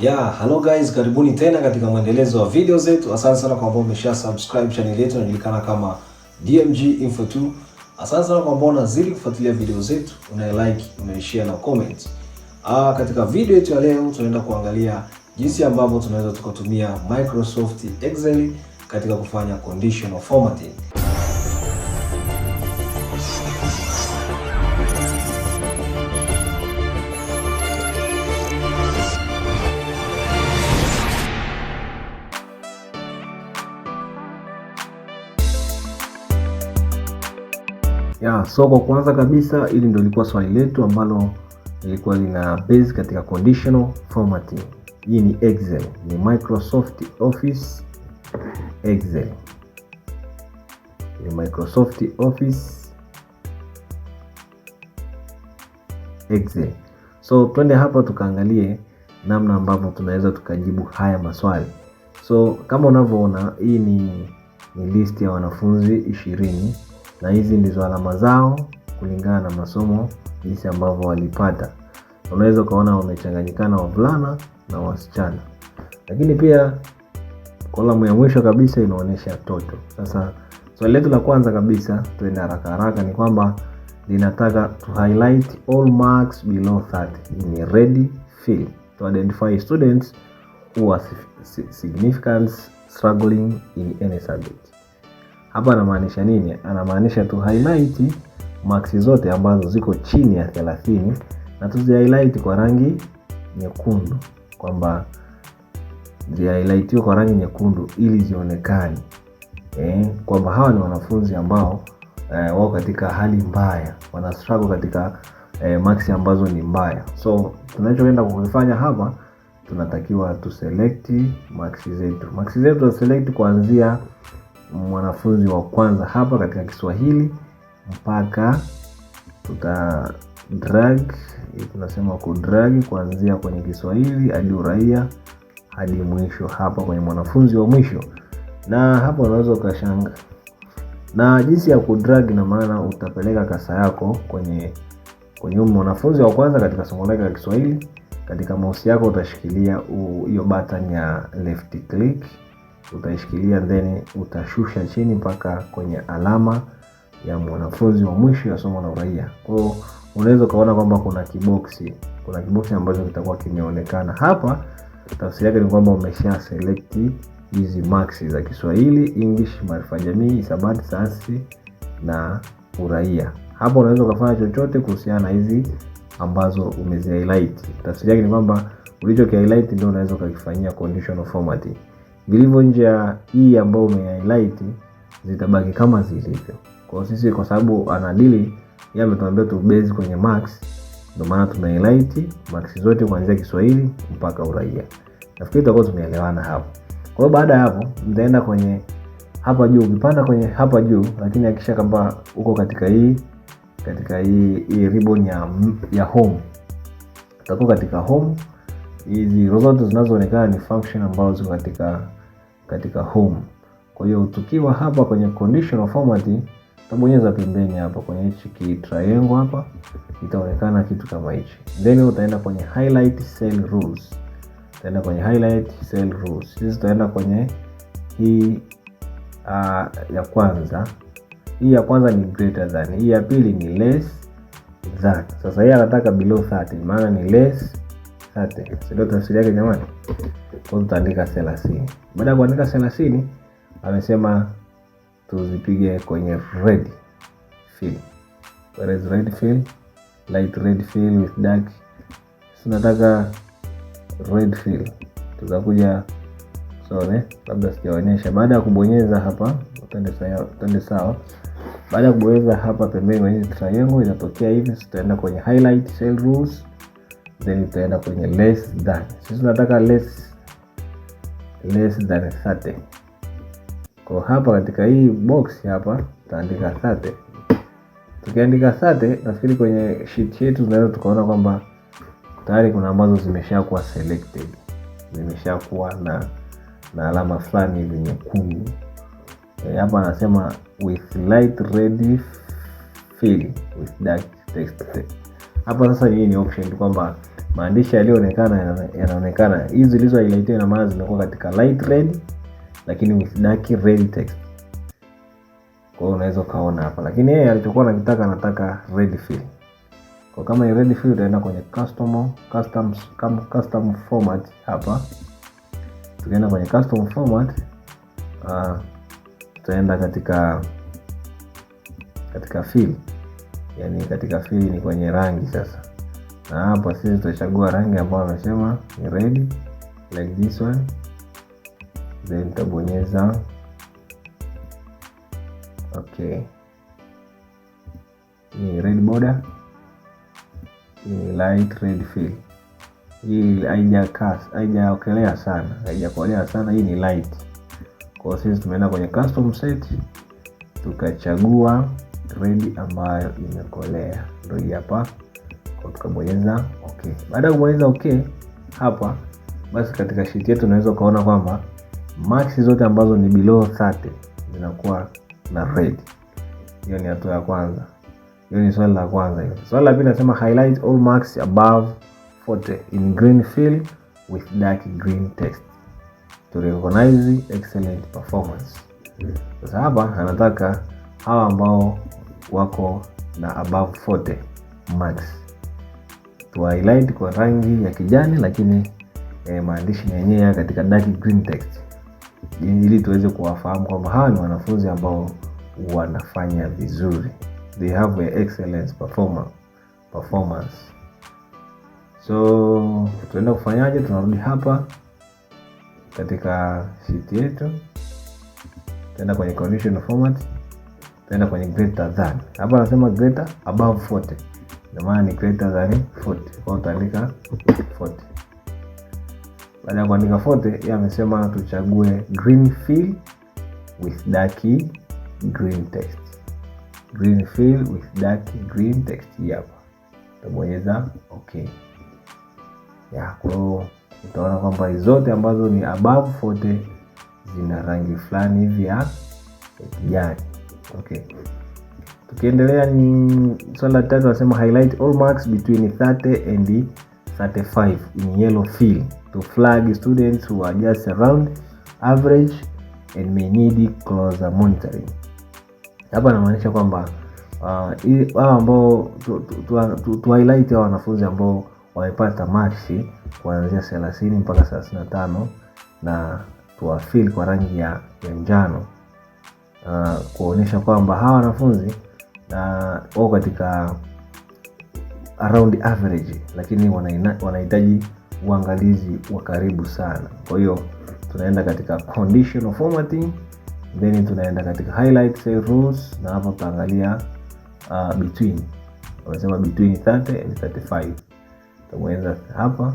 Ya, hello guys, karibuni tena katika mwendelezo wa video zetu. Asante sana kwa ambao umesha subscribe channel yetu inajulikana kama DMG Info 2. Asante sana kwa ambao unazidi kufuatilia video zetu, una like, una share na comment. Ah, katika video yetu ya leo tunaenda kuangalia jinsi ambavyo tunaweza tukatumia Microsoft Excel katika kufanya conditional formatting. ya so kwa kwanza kabisa, ili ndio ilikuwa swali letu ambalo ilikuwa lina base katika conditional formatting. Hii ni Excel, ni Microsoft Office Excel, ni Microsoft Office Excel. So twende hapa tukaangalie namna ambavyo tunaweza tukajibu haya maswali. So kama unavyoona hii ni, ni list ya wanafunzi ishirini na hizi ndizo alama zao kulingana na masomo jinsi ambavyo walipata. Unaweza ukaona wamechanganyikana wavulana na wasichana, lakini pia kolamu ya mwisho kabisa inaonyesha toto. Sasa swali so letu la kwanza kabisa, tuende haraka haraka, ni kwamba linataka to highlight all marks below 30 in a ready field to identify students who are significant struggling in any subject. Hapa anamaanisha nini? Anamaanisha tu highlight marks zote ambazo ziko chini ya 30 na tuzi highlight kwa rangi nyekundu, kwamba zi highlight kwa rangi nyekundu ili zionekane eh, kwamba hawa ni wanafunzi ambao eh, wao katika hali mbaya, wana struggle katika eh, marks ambazo ni mbaya. So tunachoenda kukifanya hapa tunatakiwa tuselect marks zetu, marks zetu tuselect kuanzia mwanafunzi wa kwanza hapa katika Kiswahili mpaka tuta drag, tunasema drag kuanzia kwenye Kiswahili hadi uraia hadi mwisho hapa kwenye mwanafunzi wa mwisho, na hapo unaweza ukashanga na jinsi ya kudrag, na maana utapeleka kasa yako kwenye kwenye mwanafunzi wa kwanza katika somo lake la Kiswahili. Katika mouse yako utashikilia hiyo button ya left click utaishikilia then utashusha chini mpaka kwenye alama ya mwanafunzi wa mwisho ya somo la uraia. Kwa hiyo unaweza ukaona kwamba kuna kiboksi, kuna kiboksi ambacho kitakuwa kimeonekana hapa. Tafsiri yake ni kwamba umesha select hizi marks za Kiswahili, English, maarifa jamii, hisabati, sayansi na uraia. Hapo unaweza ukafanya chochote kuhusiana na hizi ambazo umezi highlight. Tafsiri yake ni kwamba ulicho highlight ndio unaweza ukakifanyia conditional formatting vilivyo nje ya hii ambayo ume highlight zitabaki kama zilivyo. Kwa sisi kwa sababu ana deal yeye ametuambia tu base kwenye max, ndio maana tume highlight max zote kuanzia Kiswahili mpaka uraia. Nafikiri tutakuwa tumeelewana hapo. Kwa hiyo baada ya hapo mtaenda kwenye hapa juu, ukipanda kwenye hapa juu, lakini hakikisha kwamba uko katika hii katika hii hii ribbon ya ya home. Utakuwa katika home, hizi zote zinazoonekana ni function ambazo ziko katika katika home. Kwa hiyo tukiwa hapa kwenye conditional format utabonyeza pembeni hapa kwenye hichi ki triangle hapa, itaonekana kitu kama hichi, then utaenda kwenye highlight cell rules, utaenda kwenye highlight cell rules. Sisi tutaenda kwenye hii uh, ya kwanza. Hii ya kwanza ni greater than, hii ya pili ni less than. Sasa hii anataka below 30, maana ni less Tatu. tafsiri yake jamani. Kwa tutaandika thelathini Baada ya kuandika thelathini amesema tuzipige kwenye red fill. Where is red fill? Light red fill with dark. Tunataka red fill. Tutakuja sone, labda sijaonyesha. Baada ya kubonyeza hapa, utende sawa, sawa. Baada ya kubonyeza hapa pembeni kwenye triangle inatokea hivi, tutaenda kwenye highlight cell rules then itaenda kwenye less than. Sisi tunataka less less than 30. Kwa hapa katika hii box hapa tutaandika 30. Tukiandika 30, nafikiri kwenye sheet yetu tunaweza tukaona kwamba tayari kuna ambazo zimeshakuwa selected, zimeshakuwa na na alama fulani hivi nyekundu. Eh, hapa anasema with light red fill with dark text. Hapa sasa hii ni option kwamba maandishi yaliyoonekana yanaonekana. Hizi zilizo highlight na maana zimekuwa katika light red, lakini with dark red text. Kwa hiyo unaweza ukaona hapa, lakini yeye alichokuwa anakitaka anataka red fill. Kwa kama ni red fill, utaenda kwenye custom customs kam, custom format hapa, tukaenda kwenye custom format uh, tutaenda katika katika fill, yani katika fill ni kwenye rangi sasa na hapo sisi tutachagua rangi ambayo amesema ni red like this one, then tutabonyeza okay. Ni red border, ni light red fill. Hii haijaokelea sana, haijakolea sana, hii ni light. Kwa sisi tumeenda kwenye custom set tukachagua red ambayo imekolea, ndio hapa kwa tukabonyeza okay. Baada ya kubonyeza okay hapa, basi katika sheet yetu unaweza ukaona kwamba max zote ambazo ni below 30 zinakuwa na red. Hiyo ni hatua ya kwanza, hiyo ni swali la kwanza. Hiyo swali la pili nasema highlight all marks above 40 in green fill with dark green text to recognize excellent performance. Sasa hapa anataka hawa ambao wako na above 40 marks tuwa highlight kwa rangi ya kijani, lakini eh, maandishi yenyewe katika dark green text, ili tuweze kuwafahamu kwamba hawa ni wanafunzi ambao wanafanya vizuri, they have a excellence performance performance. So tuenda kufanyaje? Tunarudi hapa katika sheet yetu, tutaenda kwenye conditional format, tutaenda kwenye greater than. Hapa anasema greater above 40 ndio maana ni greater than 40. Kwa utaandika 40. Baada ya kuandika 40, yeye amesema tuchague green fill with dark green text. Green fill with dark green text hapa. Tabonyeza okay. Ya, utaona kwamba zote ambazo ni above 40 zina rangi fulani hivi ya kijani. Okay tukiendelea ni swali la tatu nasema highlight all marks between 30 and 35 in yellow field to flag students who are just around average and may need closer monitoring. Hapa namaanisha kwamba uh, hawa ambao tu highlight hawa wanafunzi ambao wamepata marks kuanzia 30 mpaka 35 na tuwafil kwa rangi ya njano, uh, kuonyesha kwamba hawa wanafunzi wako katika around average, lakini wanahitaji uangalizi wa karibu sana. Kwa hiyo tunaenda katika conditional formatting, then tunaenda katika highlight cell rules, na hapa tutaangalia uh, between, wanasema between 30 and 35 tumeweza hapa,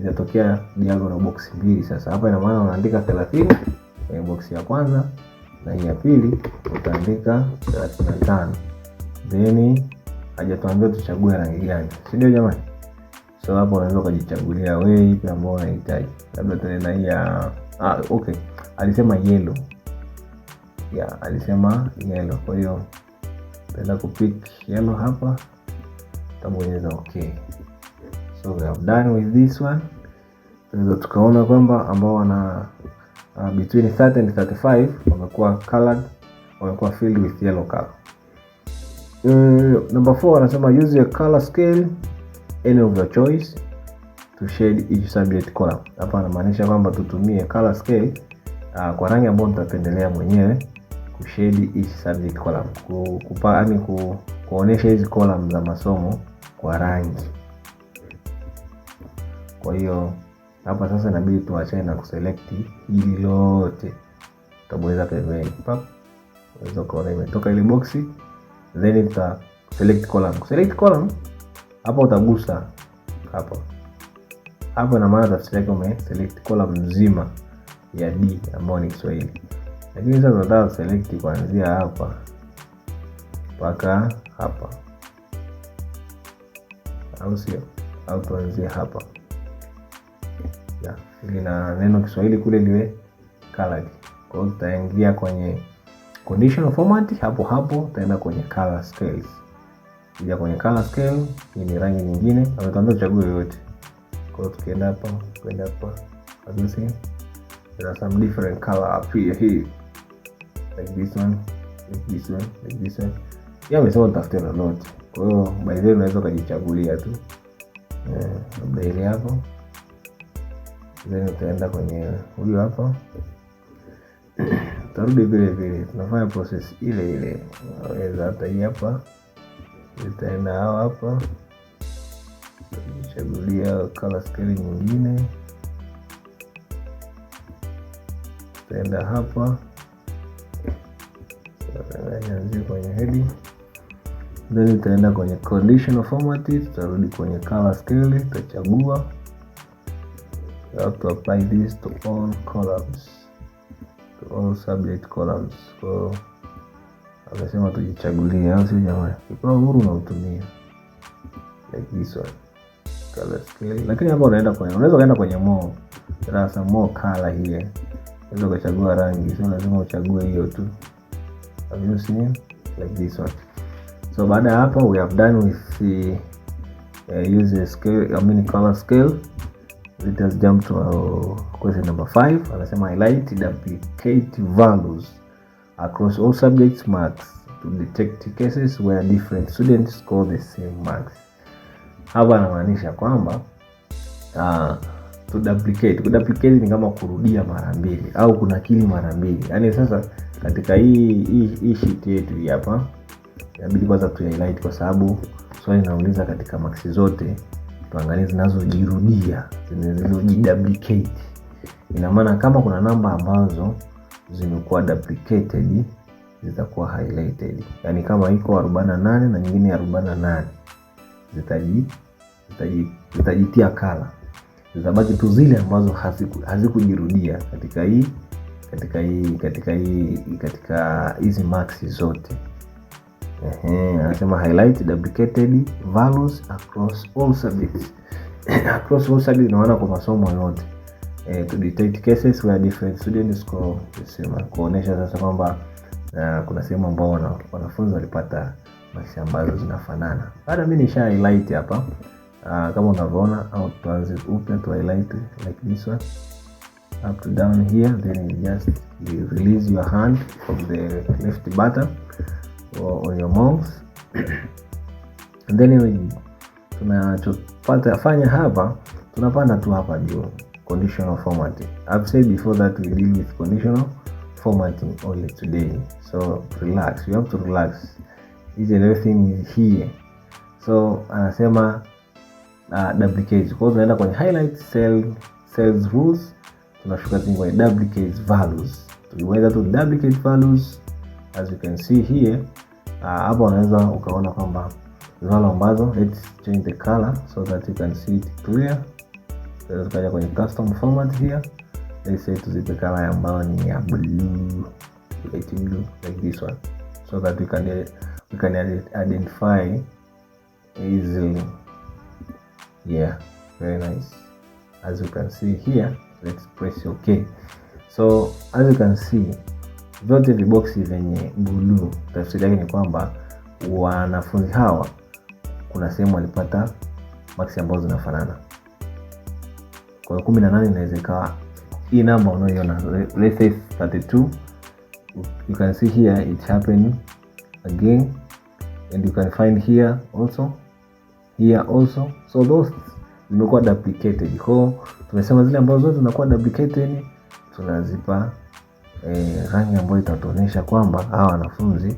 inatokea diagonal box mbili. Sasa hapa ina maana unaandika 30 kwenye box ya kwanza na hii ya pili utaandika 35 lakini hajatuambia tuchague rangi gani, si ndio jamani? So hapo unaweza ukajichagulia wewe ipi ambayo unahitaji, labda tena hii ya ah, okay, alisema yellow ya alisema yellow. Kwa hiyo tenda kupick yellow hapa, tabonyeza okay. So we have done with this one. Tunaweza tukaona kwamba ambao wana uh, between 30 and 35 wamekuwa colored, wamekuwa filled with yellow color. Uh, number 4 anasema use a color scale any of your choice to shade each subject column. Hapa anamaanisha kwamba tutumie color scale uh, kwa rangi ambayo tutapendelea mwenyewe ku shade each subject column, ku, kupa, yani ku, kuonesha hizi column za masomo kwa rangi. Kwa hiyo hapa sasa inabidi tuachane na kuselect hili lote, utabonyeza pembeni, pap, unaweza kuona imetoka ile boksi then nita select column. Select column hapa utagusa hapa hapa ina maana tafsiri yake ume select column nzima ya D ambayo ni Kiswahili, lakini sasa tunataka select kuanzia hapa mpaka hapa, au sio? Au tuanzie hapa ya, ili na neno Kiswahili kule liwe colored. Kwa hiyo tutaingia kwenye Conditional format hapo hapo utaenda kwenye color scales. Kuja kwenye color scale, hii ni rangi nyingine, ametuambia uchague yoyote. Kwa hiyo tukienda hapa, kwenda hapa, as you see, there are some different color up here hii. Like this one, like this one, like this one. Yeye amesema utafute lolote. Kwa hiyo by the way unaweza kujichagulia tu. Eh, labda ile hapo. Then utaenda kwenye huyu hapa. Tutarudi vile vile, tunafanya process ile ile. Unaweza hata hii hapa, itaenda hao hapa, chagulia color scale nyingine, itaenda hapa, anzie kwenye heading then itaenda kwenye conditional format, tutarudi kwenye color scale, tutachagua to apply this to all columns all subject columns. Kwa hiyo akasema tujichagulie, au sio jamani? Ukipewa uhuru unautumia like this one color scale, lakini hapa unaenda kwenye, unaweza kaenda kwenye more, there are some more color here. Unaweza kuchagua rangi, sio lazima uchague hiyo tu, have you seen like this one. So baada ya hapo we have done with the, uh, use a scale, I mean color scale Let us jump to question number 5. Anasema highlight duplicate values across all subjects marks to detect cases where different students score the same marks. Hapa anamaanisha kwamba uh, to duplicate. duplicate ni kama kurudia mara mbili au kunakili mara mbili. Yaani sasa katika hii hii sheet yetu hii hapa inabidi kwanza tu highlight kwa sababu swali so, linauliza katika marks zote tuangalie zinazojirudia zinazojiduplicate. Ina maana kama kuna namba ambazo zimekuwa duplicated zitakuwa highlighted, yaani kama iko 48 na nyingine 48 zitaji zitajitia zitaji kala, zitabaki tu zile ambazo hazikujirudia hazi katika hii katika hii katika hii katika hizi marks zote anasema highlight duplicated values across all subjects across all subjects, naona kwa masomo yote eh, to detect cases where different students score the same. Kuonesha sasa kwamba uh, kuna sehemu ambao wanafunzi walipata maisha ambazo zinafanana. Baada mimi nisha highlight hapa uh, kama unavyoona, au tuanze upya tu highlight like this one up to down here, then you just you release your hand from the left button or, or your mouth and then we fanya hapa, tunapanda tu hapa juu conditional formatting. I've said before that we deal with conditional formatting only today, so relax, you have to relax. Each and everything is here. So anasema uh, duplicate. Kwa hiyo tunaenda kwenye highlight cell cells rules, tunashuka chini kwenye duplicate values, tukiweza tu duplicate values as you can see here hapa, uh, unaweza ukaona kwamba zalo ambazo, let's change the color so that you can see it clear. Tukaja kwenye custom format here, let's say tuzipe color ambayo ni ya blue, light blue like this one so that we can we can identify easily. Yeah, very nice. As you can see here, let's press OK. So as you can see vyote viboksi vyenye buluu, tafsiri yake ni kwamba wanafunzi hawa kuna sehemu walipata maksi ambazo zinafanana. Kwa hiyo kumi na nane inaweza ikawa hii namba unaoiona, let's say 32 you can see here it happen again and you can find here also here also so those zimekuwa duplicated. Kwa tumesema zile ambazo zote zinakuwa duplicated tunazipa e, rangi ambayo itatuonyesha kwamba hawa wanafunzi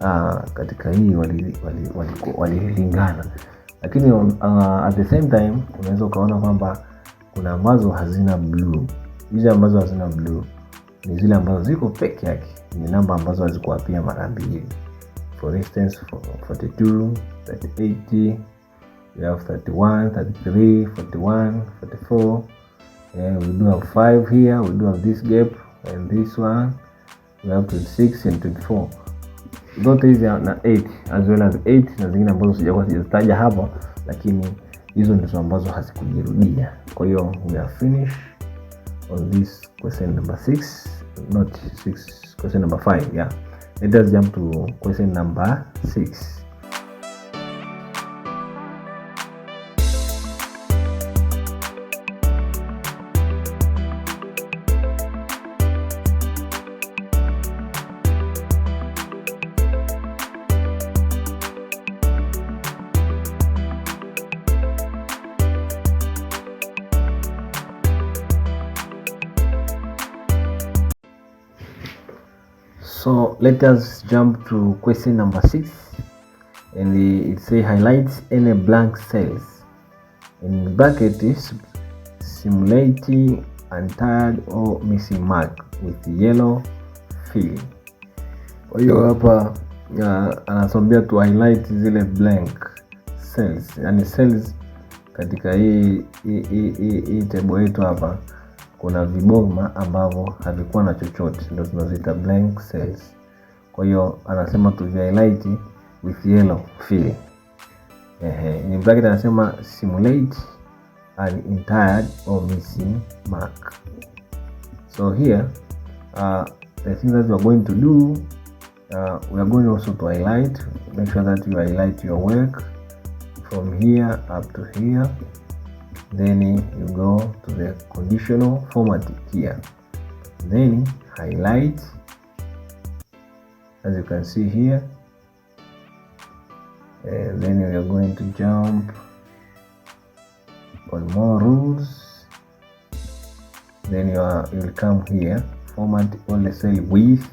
ah, katika hii walilingana wali, wali, wali, lakini uh, at the same time unaweza ukaona kwamba kuna ambazo hazina bluu. Hizi ambazo hazina bluu ni zile ambazo ziko peke yake, ni namba ambazo hazikuapia mara mbili. For instance 42, 38, we have 31, 33, 41, 44. Yeah, we do have 5 here, we do have this gap and this one we have 26 and 24 zote hizi na 8 as well as 8 na zingine ambazo sijakuwa sijazitaja hapa, lakini hizo ndizo ambazo hazikujirudia. Kwa hiyo we are finish on this question number 6 not 6 question number 5 yeah let us jump to question number 6 let us jump to question number six and it say highlights any blank cells in bracket is simulate untired or missing mark with yellow fill. Kwa hiyo hapa anatuambia tu highlight zile blank cells, yani cells katika hii tebo table yetu hapa kuna viboma ambavyo havikuwa na chochote, ndo tunaziita blank cells. Kwa hiyo anasema to highlight with yellow fill. Ehe, ni bracket anasema simulate an entire or missing mark. So here uh, the thing that we are going to do uh, we are going also to highlight make sure that you highlight your work from here up to here then you go to the conditional format here then highlight as you can see here uh, then we are going to jump on more rules then you are you'll come here format the cell width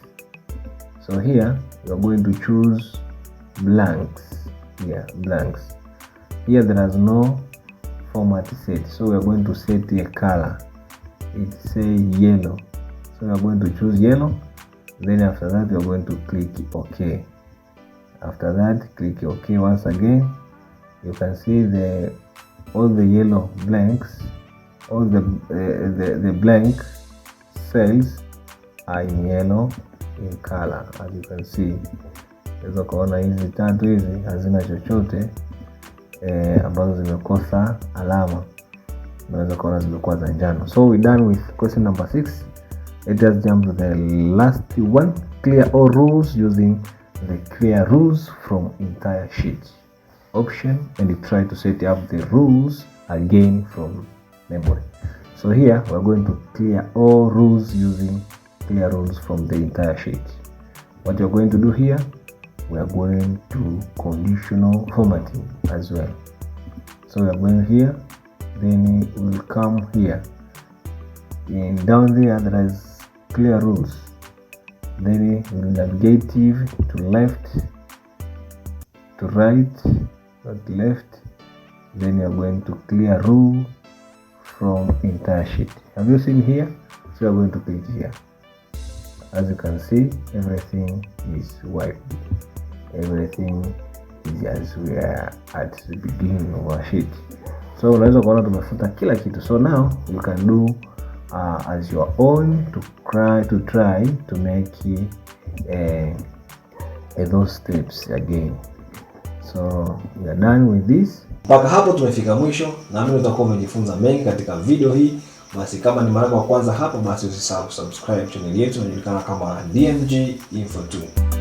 so here you are going to choose blanks yeah blanks here there is no format set so we are going to set a color it say yellow so we are going to choose yellow then after that you're are going to click OK. After that click OK once again. You can see the all the yellow blanks, all the uh, the, the blank cells are in yellow in color as you can see. Unaweza kuona hizi tatu hizi hazina chochote eh, ambazo zimekosa alama. Unaweza ukaona zimekuwa za njano. So we done with question number 6. Let us jump to the last one. Clear all rules using the clear rules from entire sheet option and try to set up the rules again from memory. So here we're going to clear all rules using clear rules from the entire sheet. What you're going to do here, we are going to conditional formatting as well. So we are going here, then will come here. And down there there is clear rules then we will navigate to left to right not left then you are going to clear rule from entire sheet have you seen here so you are going to click here as you can see everything is wiped everything is as we are at the beginning of our sheet so unaweza kuona tumefuta kila kitu so now you can do uh, as your own to try to, try to make uh, those steps again. So we are done with this. Mpaka hapo tumefika mwisho, naamini utakuwa umejifunza mengi katika video hii. Basi kama ni mara ya kwanza hapa, basi usisahau kusubscribe channel yetu inajulikana kama DMG Info 2.